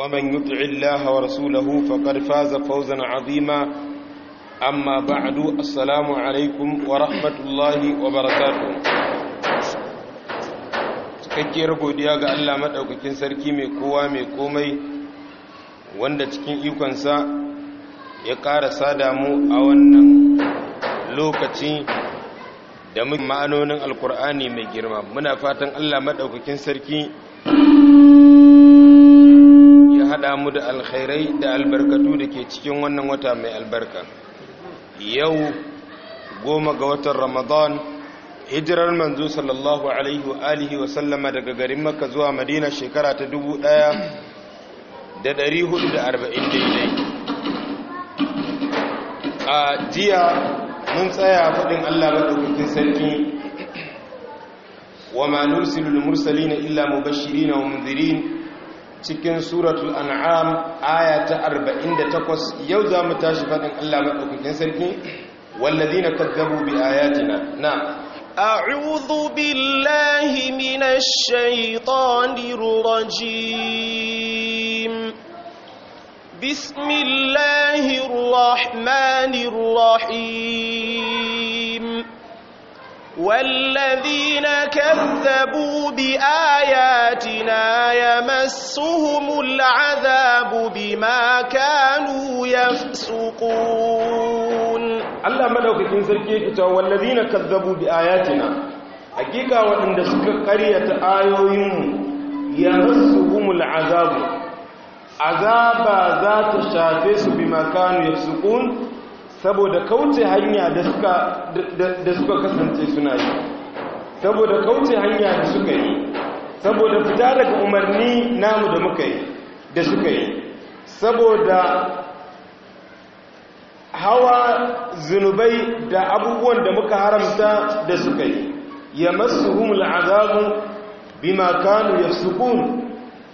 ومن يطع الله ورسوله فقد فاز فوزا عظيما أما بعد السلام عليكم ورحمة الله وبركاته cikakkiyar godiya ga Allah maɗaukakin sarki mai kowa mai komai wanda cikin sa ya ƙarasa damu a wannan lokaci da ma'anonin alkur'ani mai girma muna fatan Allah maɗaukakin sarki haɗa mu da alkhairai da albarkatu da ke cikin wannan wata mai albarka yau goma ga watan ramadan hijirar manzo sallallahu alaihi wa alihi wa sallama daga garin maka zuwa madina shekara ta dubu ɗaya da dari hudu da arba'in daidai a jiya mun tsaya faɗin allah maɗaukakin sarki wa ma nursilul mursalina illa mubashirin wa munzirin cikin suratul an'am aya ta 48 yau za mu tashi fadin Allah maɗaukakin sarki walladina kazzabu bi ayatina na a'udhu billahi minash shaitanir rajim bismillahir rahmanir rahim والذين كذبوا بآياتنا يمسهم العذاب بما كانوا يفسقون الله ملوكين سركي كتاب والذين كذبوا بآياتنا حقيقة وإن دسك قرية آيوين يمسهم العذاب عذاب ذات الشافيس بما كانوا يفسقون saboda kauce hanya da suka kasance suna yi saboda kauce hanya da suka yi saboda fita daga umarni namu da muka yi da suka yi saboda hawa zunubai da abubuwan da muka haramta da suka yi ya masu humul azabu bima ya sukun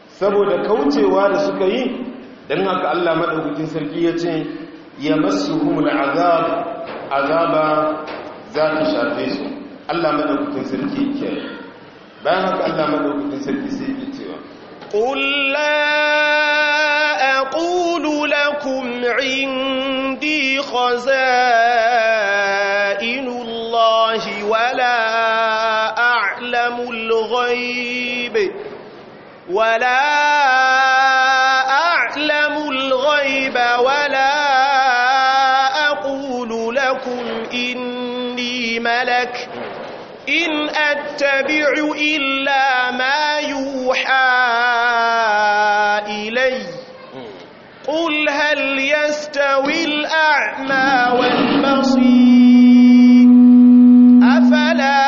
saboda kaucewa da suka yi don haka allah maɗaukakin sarki ya ce ya masu al'azab azaba za ta shafe su Allah madaukakin sarki yake bayan haka Allah madaukakin sarki sai yake cewa qul la aqulu lakum indi khazainullahi wala a'lamu al-ghaib wala إلا ما يوحى إلي قل هل يستوي الأعمى والبصير أفلا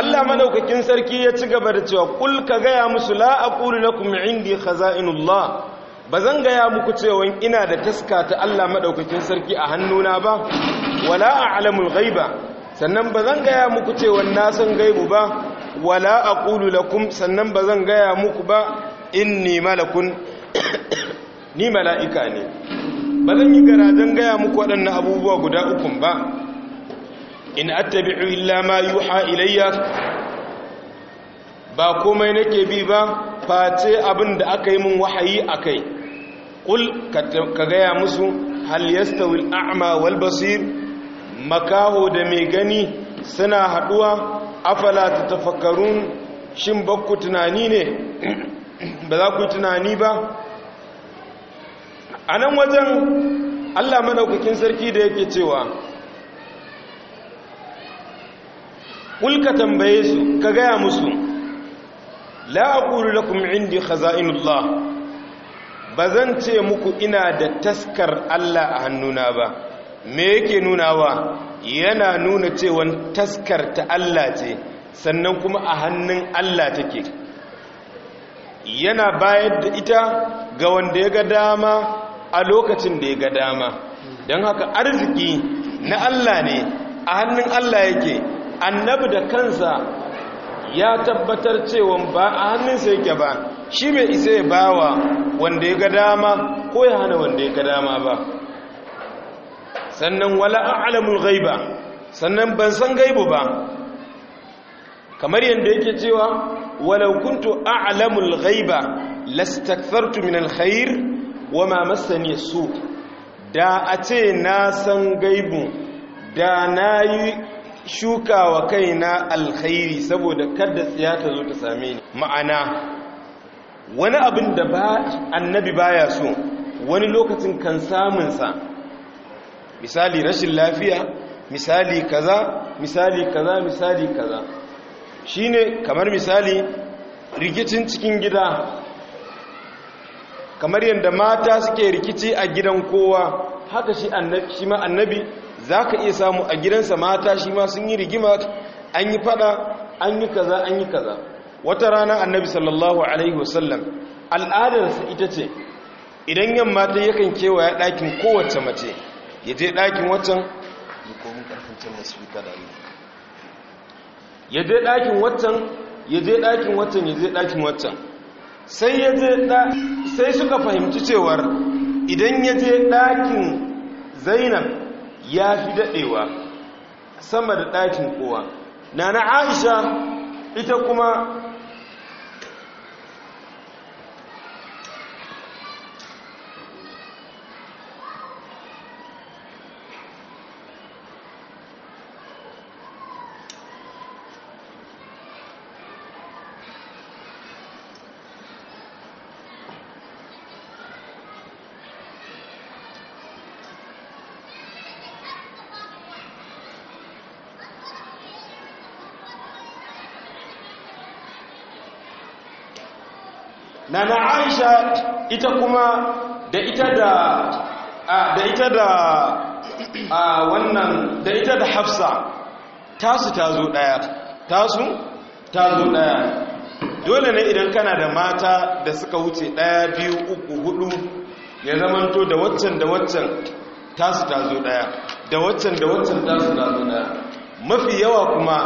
Allah madaukakin sarki ya ci gaba da cewa ƙul ka gaya musu la aqulu lakum indi khaza'inullah bazan gaya muku cewa ina da taska ta Allah maɗaukakin sarki a hannuna ba wala a'lamul ghaiba sannan ba zan gaya muku cewan na san gaibu ba wala a aqulu lakum sannan ba zan gaya muku ba in inni malakun ni mala'ika ne ba zan yi gara zan gaya muku waɗannan abubuwa guda ukun ba in attabi'u illa ma yi yuha ilayya ba komai nake bi ba face abin da aka yi min wahayi a kai ƙul ka gaya musu hal yasta wal basir makaho da mai gani suna haduwa afala ta tafakarun, shin bakku tunani ne ba za ku tunani ba a nan wajen allah madaukakin sarki da yake cewa kulka tambaye su ka gaya musu la lakum indi khaza'inullah zan ce muku ina da taskar Allah a hannuna ba me yake nunawa yana nuna cewa taskar ta Allah ce sannan kuma a hannun Allah take yana bayar da ita ga wanda ya ga dama a lokacin da ya ga dama don haka arziki na Allah ne a hannun Allah yake annabi da kansa ya tabbatar cewa ba a hannunsa yake ba shi mai isa ya bawa wanda ya ga dama ko ya hana wanda ya ga dama ba sannan wala a'lamul ghaiba sannan ban san gaibu ba kamar yadda yake cewa walau kuntu a'lamul ghaiba lastakthartu min alkhair wama massani su da a ce na san gaibu da nayi shuka wa kaina alkhairi saboda kada tsiya ta zo ta same ni ma'ana wani abin da ba annabi baya so wani lokacin kan samunsa misali rashin lafiya misali kaza misali kaza misali kaza shine kamar misali rikicin cikin gida kamar yadda mata suke rikici a gidan kowa haka shi annabi ma annabi ka iya samu a gidansa mata shi ma sun yi rigima an yi fada an yi kaza an yi kaza wata rana annabi sallallahu alaihi wasallam al'adarsa ita ce idan yamma ta yakan kewaya ɗakin kowace mace ya je ɗakin waccan ya ƙarfin can na spika da allah ya je ɗakin waccan ya je ɗakin waccan ya je ɗakin waccan sai ya je sai suka fahimci cewar idan ya je ɗakin zainab ya fi daɗewa sama da ɗakin kowa na na aisha ita kuma na na aisha ita kuma da ita da da ita da wannan da ita da hafsa tasu ta zo daya tasu ta zo daya dole ne idan kana da mata da suka wuce daya biyu uku hudu ya to da waccan da waccan tasu ta zo daya da waccan da waccan tasu ta zo daya mafi yawa kuma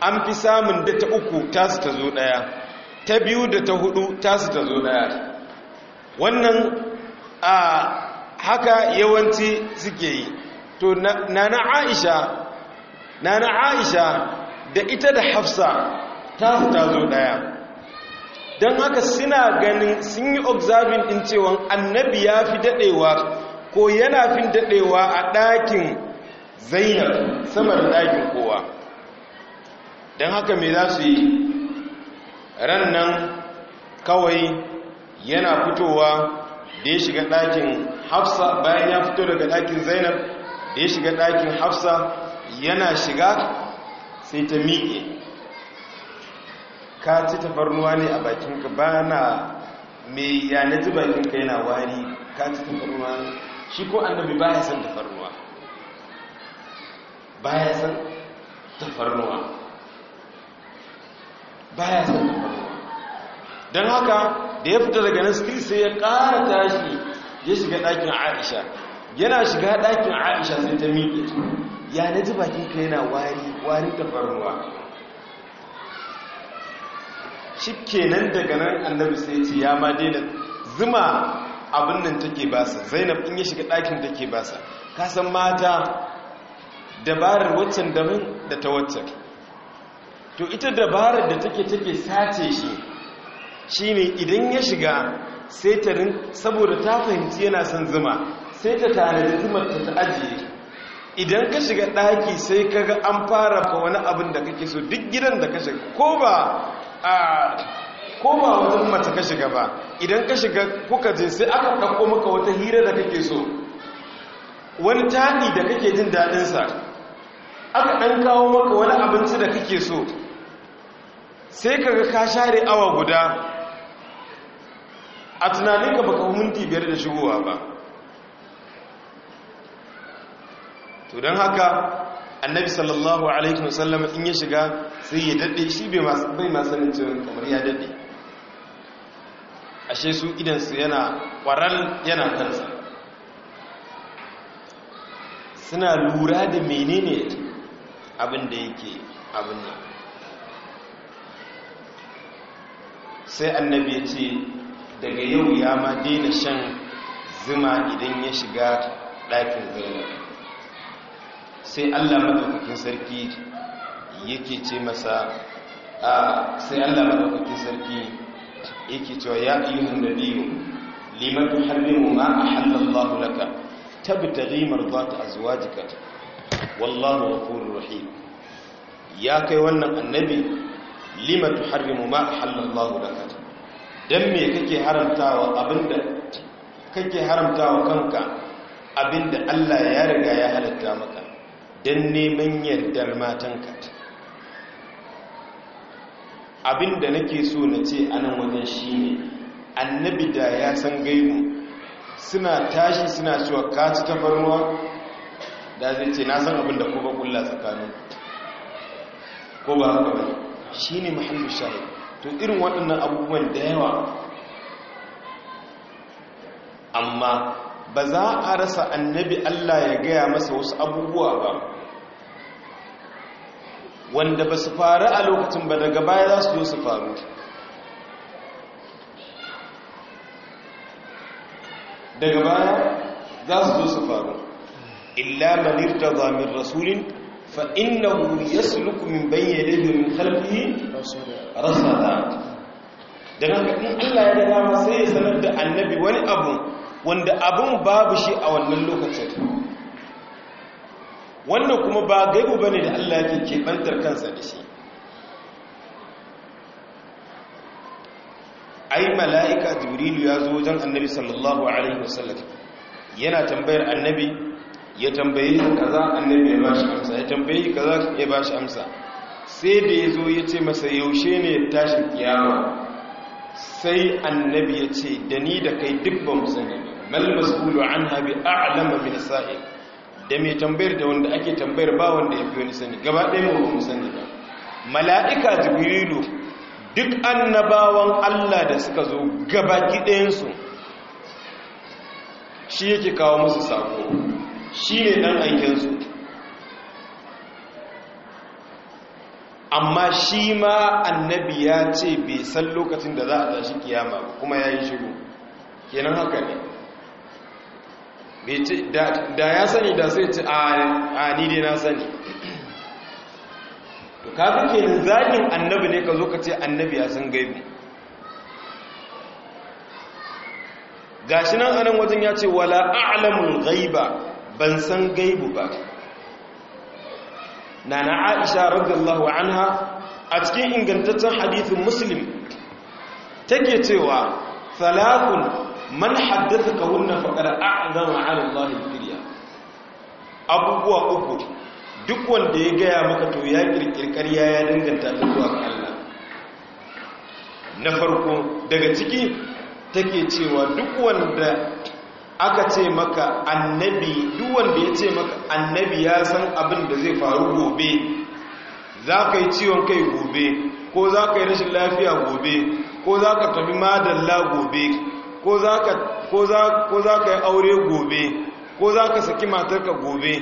an fi samun da ta uku tasu ta zo daya ta biyu da ta hudu tasu ta zo daya wannan a haka yawanci suke yi to nana aisha nana aisha da ita da hafsa tasu ta zo daya don haka suna ganin sun yi observing din cewa annabi ya fi dadewa ko yana fi dadewa a ɗakin zainab sama da ɗakin kowa don haka me za su yi ran nan kawai yana fitowa da ya shiga ɗakin hafsa bayan ya fito daga ɗakin zainab da ya shiga ɗakin hafsa yana shiga sai ta miƙe ka ci tafarnuwa ne a bakinka ba na mai yanaji bakinka yana wari ka ci tafarnuwa shi ko annabi ba ya san tafarnuwa ba ya san tafarnuwa baya son don haka da ya fita daga naskir sai ya kara tashi ya shiga ɗakin aisha yana shiga ɗakin aisha sai ta miƙe ya na ji bakin ka yana wari wari faruwa. shi kenan daga nan annabi sai ce ya ma daina zuma abin nan take basa zainab in ya shiga ɗakin take basa kasan mata dabarar waccan damin da ta waccan to ita dabarar da take take sace shi shine idan ya shiga sai ta saboda ta fahimci yana son zuma sai ta tanadi zumar ta ta ajiye idan ka shiga ɗaki sai ka ga an fara fa wani abin da kake so duk gidan da ka shiga ko ba a ko ba wajen mace ka shiga ba idan ka shiga kuka je sai aka ɗauko maka wata hira da kake so wani taɗi da kake jin daɗinsa aka ɗan kawo maka wani abinci da kake so sai kaga ka share awa guda a tunaninka baka minti biyar da shigowa ba to don haka annabi sallallahu alaihi wasallam in ya shiga sai ya daɗe shi bai masanin cin kamar ya daɗe ashe su idansu yana ƙwarar yana kansa suna lura da menene abin da yake abin nan sai annabi ya ce daga yau ya ma daina shan zuma idan ya shiga ɗakin zainab sai allah maɗaukakin sarki yake ce masa a sai allah maɗaukakin sarki yake cewa ya ayyuhan nabiyu liman tuharrimu ma ahallallahu laka ta azuwa jikata wallahu ghafurur rahim ya kai wannan annabi lima tuharrimu ma halallahu laka dan me kake haramtawa abinda kake haramtawa kanka abinda Allah ya riga ya halatta maka dan neman yardar matanka abinda nake so na ce anan wajen shine annabi da ya san gaibu suna tashi suna cewa ka ci tafarnuwa da zai ce na san abinda ko ba kulla tsakanin ko ba haka bane shine mahallin shahid to irin waɗannan abubuwan da yawa amma ba za a rasa annabi Allah ya gaya masa wasu abubuwa ba wanda ba su faru a lokacin ba daga baya za su yi su faru daga baya za su zo su faru illa manirta zamin rasulin fa innahu yasluku min bayni yadayhi min khalfihi dan haka in Allah ya da ma sai ya sanar da annabi wani abu wanda abun babu shi a wannan lokacin wannan kuma ba gaibu bane da Allah yake kebantar kansa da shi ai mala'ika jibrilu ya zo wajen annabi sallallahu alaihi wasallam yana tambayar annabi ya tambaye shi kaza annabi ya bashi amsa ya tambaye shi kaza ya bashi amsa sai da ya zo ya ce masa yaushe ne ya tashi kiyama sai annabi ya ce da ni da kai duk ba mu sani mal mas'ulu anha bi a'lama min sa'il da mai tambayar da wanda ake tambayar ba wanda ya fi wani sani gaba ɗaya ba mu sani ba mala'ika jibrilu duk annabawan Allah da suka zo gaba ɗayansu shi yake kawo musu sako shi ne ɗan aikinsu amma shi ma annabi ya ce bai san lokacin da za a tashi kiyama kuma ya yi shiru kenan haka ne da ya sani da sai ce a ni dai na sani to kafin kenan zagin annabi ne ka zo ka ce annabi ya san gaibi gashi nan anan wajen ya ce wala Alamun ghaiba ban san gaibu ba na na aisha radiyallahu anha a cikin ingantaccen hadithin muslim take cewa thalathun man haddatha kahunna faqad a'dama 'ala Allah al-firya abubuwa uku duk wanda ya gaya maka to ya kirkirkar ya danganta da zuwa Allah na farko daga ciki take cewa duk wanda aka ce maka annabi duk wanda ya ce maka annabi ya san abin da zai faru gobe za ka yi ciwon kai gobe ko za ka yi rashin lafiya gobe ko za ka tafi madalla gobe ko za ka yi aure gobe ko za ka saki matarka gobe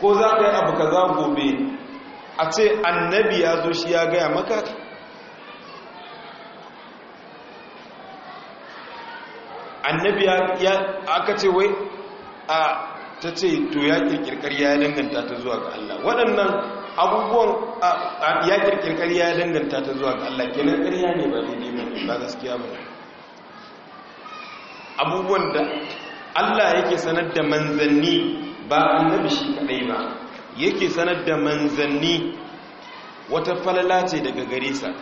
ko za ka yi abu za gobe a ce annabi ya zo shi ya gaya maka annabi ya aka ce wai a ta ce to ya kirkirkar ya danganta ta zuwa ga Allah waɗannan abubuwan ya kirkirkar ya danganta ta zuwa ga Allah kenan ƙarya ne ba daidai ba ba gaskiya ba abubuwan da Allah yake sanar da manzanni ba annabi shi kadai ba yake sanar da manzanni wata falala ce daga gare sa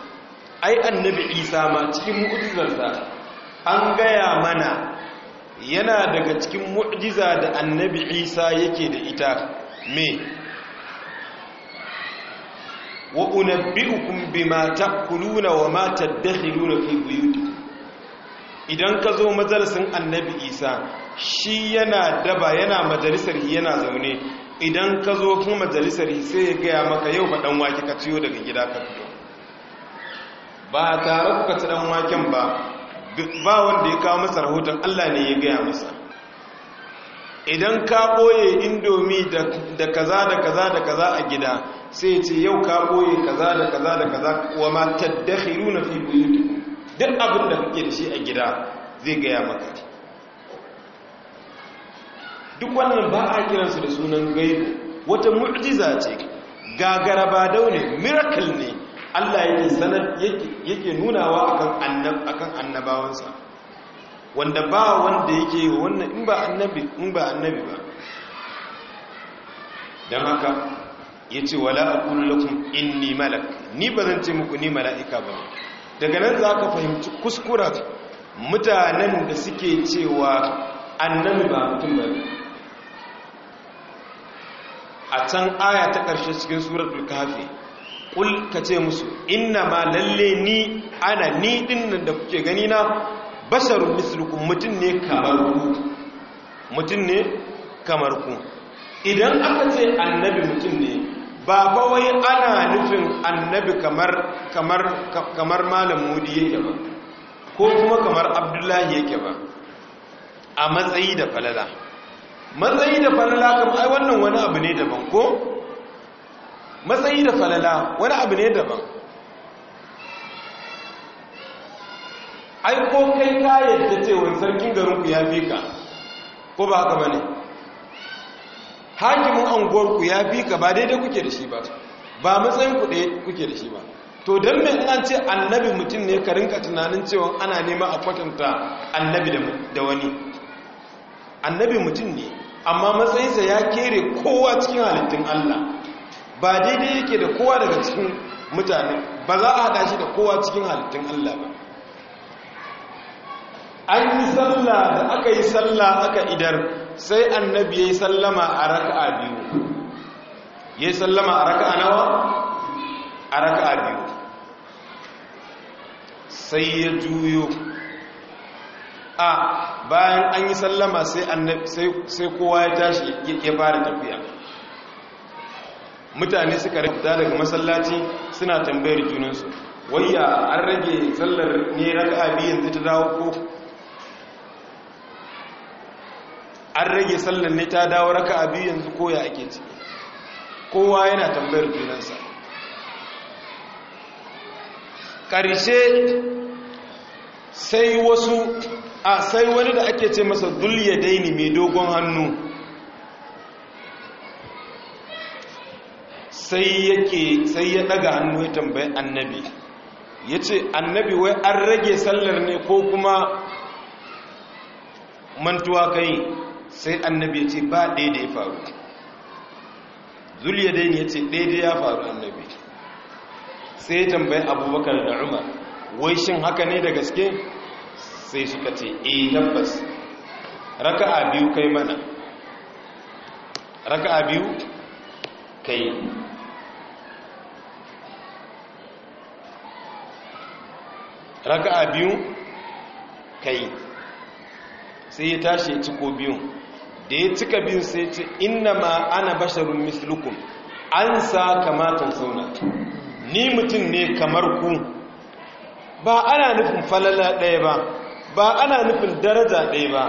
ai annabi Isa ma cikin mu'jizarsa an gaya mana yana daga cikin mu'jiza da annabi isa yake da ita me wa unabbi'ukum bima ta'kuluna wa ma tadkhuluna fi buyutikum idan ka zo majalisin annabi isa shi yana daba yana majalisar yana zaune idan ka zo kuma majalisar sai ya gaya maka yau dan wake ka ciyo daga gida ka fito ba tare kuka ci ɗan waken ba ba wanda ya kawo masa rahoton Allah ne ya gaya masa idan ka ɓoye indomi da kaza da kaza da kaza a gida sai ce yau ka ɓoye kaza da kaza da kaza wa ma taddakhiru na fi duk abin da kake da shi a gida zai gaya maka duk wannan ba a kiransu da sunan gaibu wata mu'jiza ce gagara ba daune miracle ne Allah yake sanar yake nunawa akan annab akan annabawansa wanda ba wanda yake wannan in ba annabi in ba annabi ba dan haka yace wala aqulu lakum inni malak ni bazan ce muku ni malaika ba daga nan zaka fahimci kuskura mutanen da suke cewa annabi ba mutum ba a can aya ta ƙarshe cikin suratul kafi kul ka ce musu inna ma lalle ni ana ni nan da kuke gani na basharun mislukum mutum ne kamar ku mutum ne kamar ku idan aka ce annabi mutum ne ba kawai ana nufin annabi kamar kamar kamar malam mudi yake ba ko kuma kamar abdullahi yake ba a matsayi da falala matsayi da falala kam ai wannan wani abu ne daban ko matsayi da falala wani abu ne daban ai ko kai ka yadda cewa sarkin garinku ya fi ka ko ba haka ba ne hakimin anguwarku ya fi ka ba daidai kuke da shi ba ba matsayin ku kuke da shi ba to don mai an ce annabi mutum ne ka rinka tunanin cewa ana nema a kwatanta annabi da wani annabi mutum ne amma matsayinsa ya kere kowa cikin halittun allah ba daidai yake da kowa daga cikin mutane ba za a hada shi da kowa cikin halittun Allah ba an yi sallah da aka yi sallah aka idar sai annabi ya yi sallama a raka'a biyu ya yi sallama a raka'a nawa a raka'a biyu sai ya juyo a bayan an yi sallama sai kowa ya tashi ya fara tafiya mutane suka fita daga masallaci suna tambayar junansu wayya an rage sallar ne raka biyu yanzu ta dawo ko an rage sallar ne ta dawo raka biyu yanzu ko ya ake ciki kowa yana tambayar junansa ƙarshe sai wasu a sai wani da ake ce masa dulya daini mai dogon hannu sai yake sai ya daga hannu ya tambayi annabi ya ce annabi wai an rage sallar ne ko kuma mantuwa kai sai annabi ya ce ba daidai ya faru zuliya dai ya ce daidai ya faru annabi sai ya tambayi abubakar da umar wai shin haka ne da gaske sai suka ce eh tabbas raka'a biyu kai mana raka'a biyu kai raka'a biyu kai sai ya tashi ya ciko biyu, da ya cika biyun sai ya ce inna ma ana basharun mislukun an sa kamatan sauna ni mutum ne kamar ku ba ana nufin falala ɗaya ba ba ana nufin daraja ɗaya ba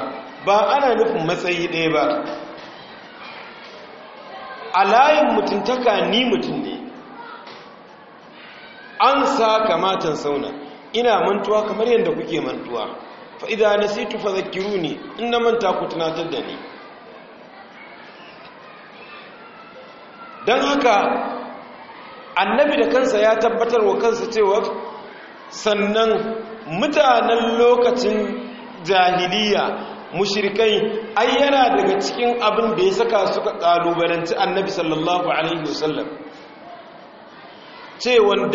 ba ana nufin matsayi ɗaya ba a layin mutuntaka ni mutum ne an sa kamatan sauna ina mantuwa kamar yadda kuke mantuwa fa idza nasitu fadhakkiruni inna manta ku tunatar da ni dan haka annabi da kansa ya tabbatar wa kansa cewa sannan mutanen lokacin jahiliya mushrikai ai yana daga cikin abin da ya saka suka kalubalanci annabi sallallahu alaihi wasallam cewa